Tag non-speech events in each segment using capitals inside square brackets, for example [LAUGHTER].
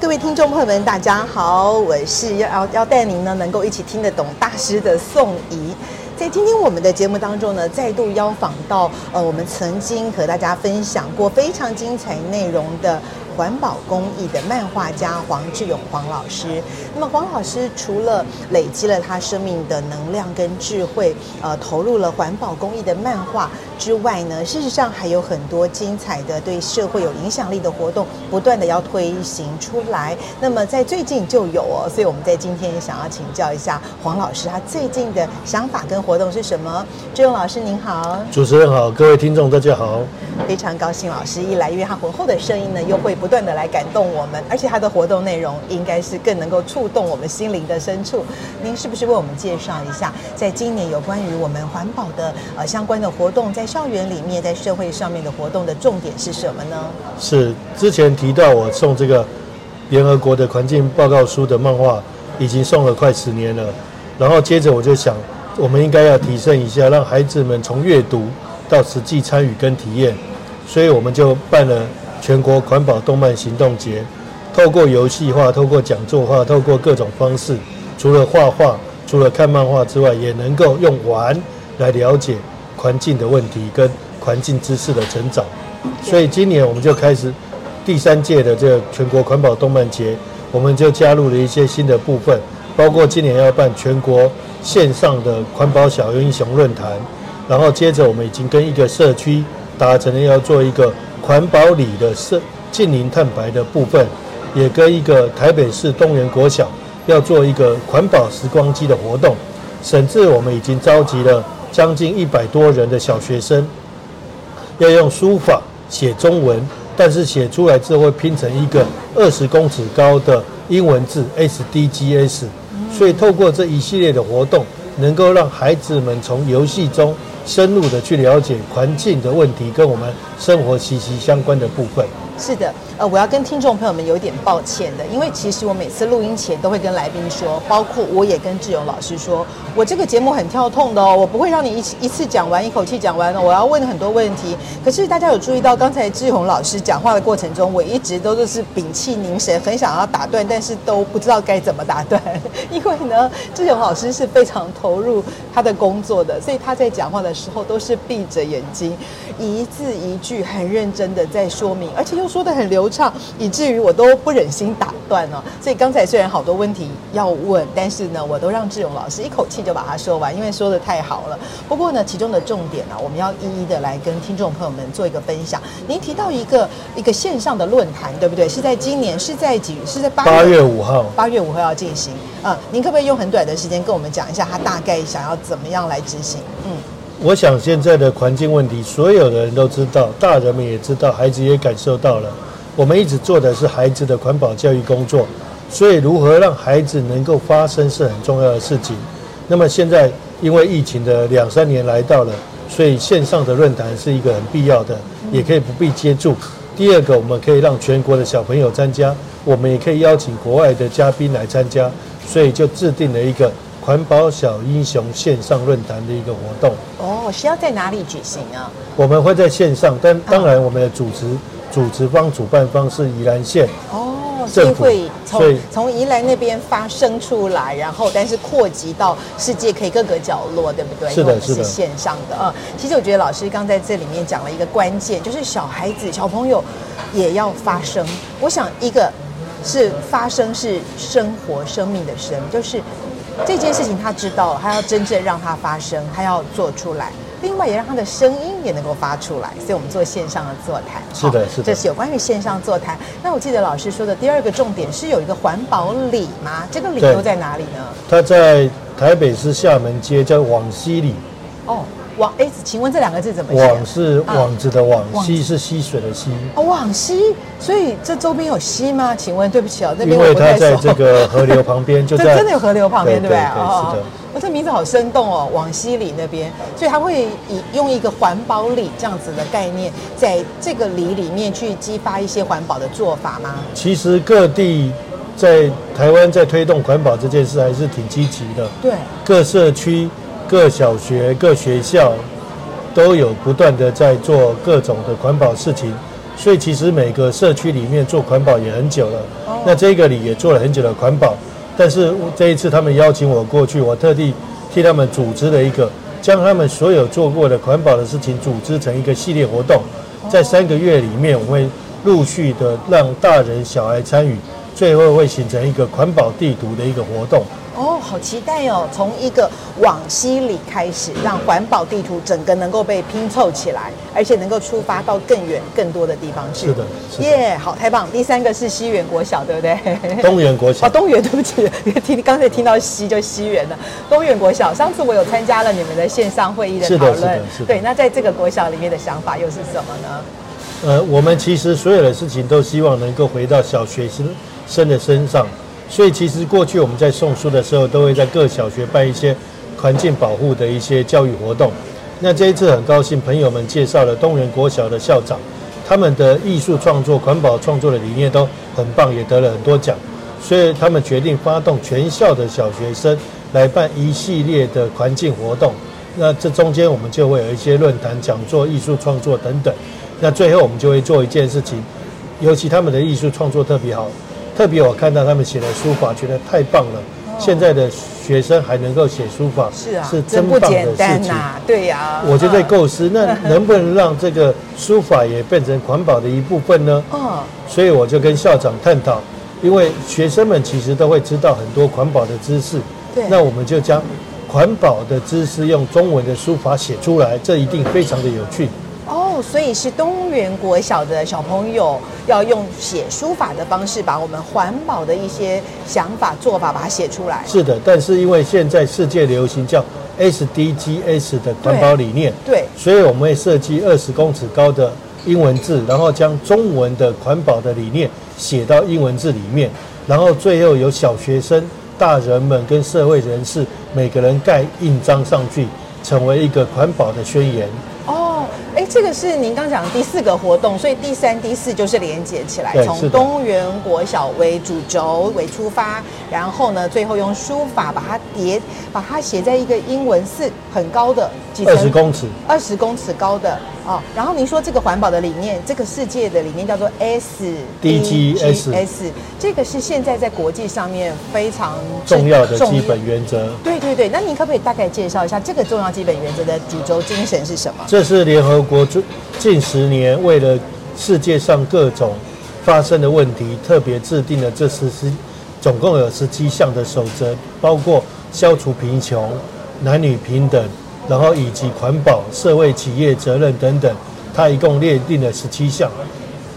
各位聽眾朋友們，大家好，我是要要帶您呢，能夠一起聽得懂大師的宋怡。在今天我們的節目當中呢，再度邀訪到呃，我們曾經和大家分享過非常精彩內容的。環保公益的漫畫家黃志湧黃老師，那麼黃老師除了累積了他生命的能量跟智慧，呃，投入了環保公益的漫畫之外呢，事實上還有很多精彩的對社會有影響力的活動，不斷的要推行出來。那麼在最近就有，哦，所以我們在今天也想要請教一下黃老師，他最近的想法跟活動是什麼？志湧老師您好，主持人好，各位聽眾大家好，非常高興老師一來，因為他渾厚的聲音呢又會不。不斷的來感動我們，而且他的活動內容應該是更能夠觸動我們心靈的深處。您是不是為我們介紹一下，在今年有關於我們環保的呃相關的活動，在校園裡面，在社會上面的活動的重點是什麼呢？是之前提到我送這個聯合國的環境報告書的漫畫，已經送了快十年了。然後接着我就想，我們應該要提升一下，讓孩子們從閱讀到實際參與跟體驗，所以我們就辦了。全國環保動漫行動節，透過遊戲化、透過講座化、透過各種方式，除了畫畫、除了看漫畫之外，也能夠用玩來了解環境的問題跟環境知識的成長。所以今年我們就開始第三屆的這個全國環保動漫節，我們就加入了一些新的部分，包括今年要辦全國線上的環保小英雄論壇，然後接着我們已經跟一個社區達成了要做一個。環保裡的是近零碳排的部分，也跟一個台北市東園國小要做一個環保時光機的活動。甚至我們已經召集了將近一百多人的小學生，要用書法寫中文，但是寫出來之後會拼成一個二十公尺高的英文字 S D G S。所以透過這一系列的活動，能夠讓孩子們從遊戲中。深入的去了解環境的問題，跟我們生活息息相關的部分。是的，呃，我要跟聽眾朋友們有點抱歉的，因為其實我每次錄音前都會跟來賓說，包括我也跟志湧老師說，我這個節目很跳痛的哦，我不會讓你一一次講完一口氣講完的，我要問很多問題。可是大家有注意到，剛才志湧老師講話的過程中，我一直都是是屏氣凝神，很想要打斷，但是都不知道該怎麼打斷，因為呢，志湧老師是非常投入他的工作的，所以他在講話的時候都是閉着眼睛，一字一句很認真的在說明，而且又。說得很流暢，以至於我都不忍心打斷了哦。所以剛才雖然好多問題要問，但是呢，我都讓志湧老師一口氣就把它說完，因為說得太好了。不過呢，其中的重點呢、啊，我們要一一的來跟聽眾朋友們做一個分享。您提到一個一個線上的論壇，對不對？是在今年，是在幾月？是在八月五號。八月五號要進行。啊、嗯，您可不可以用很短的時間跟我們講一下，他大概想要怎麼樣來執行？嗯。我想現在的環境問題，所有的人都知道，大人們也知道，孩子也感受到了。我們一直做的是孩子的環保教育工作，所以如何讓孩子能夠發聲是很重要的事情。那麼現在因為疫情的兩三年來到了，所以線上的論壇是一個很必要的，也可以不必接觸。第二個，我們可以讓全國的小朋友參加，我們也可以邀請國外的嘉賓來參加，所以就制定了一個。環保小英雄線上論壇的一個活動哦，是要在哪裡舉行啊？我們會在線上，但當然我們的組織、組、哦、織方、主辦方是宜蘭縣哦，所以從從宜蘭那邊發聲出來，然後但是擴及到世界可以各個角落，對不對？是的，是的。是線上的嗯，其實我覺得老師剛在這裡面講了一個關鍵，就是小孩子、小朋友也要發聲。我想一個是發聲，是生活、生命的生，就是。這件事情，他知道了，他要真正讓它發生，他要做出來。另外，也讓他的聲音也能夠發出來。所以，我們做線上的座談，是的，是的，這是有關於線上座談。那我記得老師說的第二個重點是有一個環保里嗎？這個理由在哪裡呢？他在台北市廈門街，叫往西里。哦。網，哎，請問這兩個字怎麼寫、啊？網是“網子”的、啊、網，溪是“溪水”的溪、哦。網溪，所以這周邊有溪嗎？請問，對不起哦，這邊我不太熟。因為它在這個河流旁邊，就在 [LAUGHS] 這真的有河流旁邊，對，對，對，對，對不對？哦，哦，哦，我、哦、這名字好生動哦，“網溪里”那邊，所以他會以用一個環保里這樣子的概念，在這個里裡面去激發一些環保的做法嗎、嗯？其實各地在台灣在推動環保這件事還是挺積極的，對各社區。各小學、各學校都有不斷的在做各種的環保事情，所以其實每個社區裡面做環保也很久了。那這個里也做了很久的環保，但是這一次他們邀請我過去，我特地替他們組織了一個，將他們所有做過的環保的事情組織成一個系列活動，在三個月裡面，我們會陸續的讓大人小孩參與，最後會形成一個環保地圖的一個活動。哦，好期待哦！從一個往西里開始，讓環保地圖整個能夠被拼湊起來，而且能夠出發到更遠、更多的地方去。是的，耶，yeah, 好，太棒！第三個是西園國小，對不對？東園國小，啊、哦，東園，對不起，聽剛才聽到西就西園了。東園國小，上次我有參加了你們的線上會議的討論，是的，是的，是的。對，那在這個國小裡面的想法又是什麼呢？呃，我們其實所有的事情都希望能夠回到小學生生的身上。所以其實過去我們在送書的時候，都會在各小學辦一些環境保護的一些教育活動。那這一次很高興，朋友們介紹了東元國小的校長，他們的藝術創作、環保創作的理念都很棒，也得了很多獎。所以他們決定發動全校的小學生來辦一系列的環境活動。那這中間我們就會有一些論壇、講座、藝術創作等等。那最後我們就會做一件事情，尤其他們的藝術創作特別好，特別我看到他們寫的書法，覺得太棒了。現在的學生還能夠寫書法，是啊，是真棒的事情。對呀，我就在構思，那能不能讓這個書法也變成環保的一部分呢？哦，所以我就跟校長探討，因為學生們其實都會知道很多環保的知識。對，那我們就將環保的知識用中文的書法寫出來，這一定非常的有趣。所以是東元國小的小朋友要用寫書法的方式，把我們環保的一些想法、做法把它寫出來。是的，但是因為現在世界流行叫 SDGs 的環保理念對，對，所以我們會設計二十公尺高的英文字，然後將中文的環保的理念寫到英文字裡面，然後最後有小學生、大人們跟社會人士每個人蓋印章上去，成為一個環保的宣言。這個是您剛講的第四個活動，所以第三、第四就是連接起來，從東元國小為主軸為出發，然後呢，最後用書法把它疊，把它寫在一個英文字很高的，幾十公尺，二十公尺高的。哦，然後您說這個環保的理念，這個世界的理念叫做 SDGs，這個是現在在國際上面非常重要的基本原則。對對對，那您可不可以大概介紹一下這個重要基本原則的主軸精神是什麼？這是聯合國近近十年為了世界上各種發生的問題，特別制定了這十七，總共有十七項的守則，包括消除貧窮、男女平等。哦然後以及環保、社會企業責任等等，它一共列定了十七項，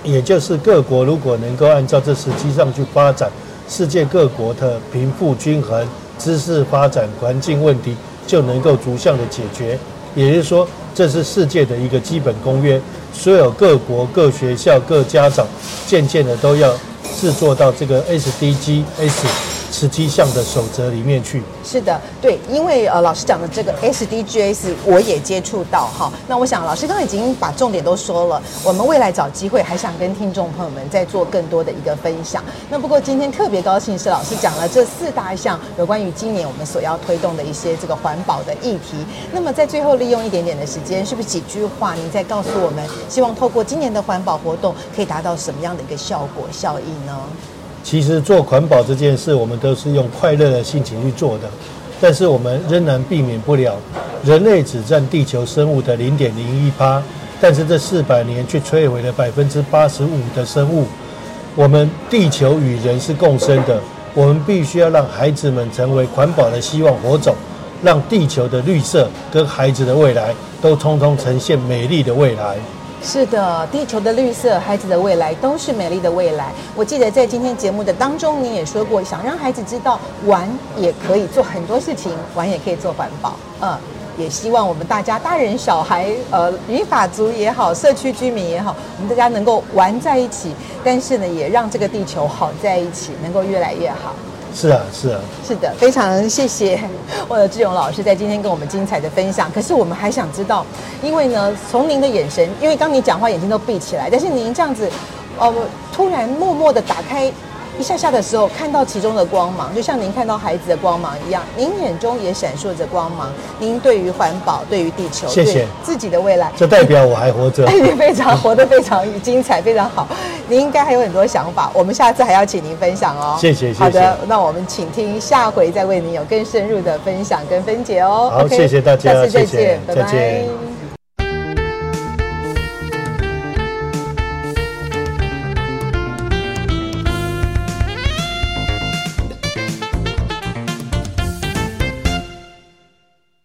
也就是各國如果能夠按照這十七項去發展，世界各國的貧富均衡、知識發展、環境問題就能夠逐項地解決。也就是說，這是世界的一個基本公約，所有各國、各學校、各家長漸漸地都要制作到這個 SDGs。十七項的守則裡面去，是的，對，因為呃，老師講的這個 SDGs 我也接觸到哈。那我想老師剛剛已經把重點都說了，我們未來找機會還想跟聽眾朋友們再做更多的一個分享。那不過今天特別高興是老師講了這四大項有關於今年我們所要推動的一些這個環保的議題。那麼在最後利用一點點的時間，是不是幾句話您再告訴我們，希望透過今年的環保活動可以達到什麼樣的一個效果效益呢？其實做環保這件事，我們都是用快樂的心情去做的，但是我們仍然避免不了。人類只占地球生物的零點零一趴，但是這四百年卻摧毀了百分之八十五的生物。我們地球與人是共生的，我們必須要讓孩子們成為環保的希望火種，讓地球的綠色跟孩子的未來都通通呈現美麗的未來。是的，地球的綠色，孩子的未來都是美麗的未來。我記得在今天節目的當中，你也說過，想讓孩子知道玩也可以做很多事情，玩也可以做環保。嗯，也希望我們大家，大人小孩，呃，銀髮族也好，社區居民也好，我們大家能夠玩在一起，但是呢，也讓這個地球好在一起，能夠越來越好。是啊，是啊，是的，非常謝謝我的志湧老師在今天跟我們精彩的分享。可是我們還想知道，因為呢，從您的眼神，因為剛你講話眼睛都閉起來，但是您這樣子，呃，突然默默的打開，一下下的時候看到其中的光芒，就像您看到孩子的光芒一樣，您眼中也閃爍着光芒。您對於環保、對於地球、謝謝對自己的未來，這代表我還活着，哎、非常活得非常精彩，非常好。您應該還有很多想法，嗯、我們下次還要請您分享哦謝謝。謝謝，好的，那我們請聽下回再為您有更深入的分享跟分解哦。好，Okay, 謝謝大家，下次再見，謝謝拜拜。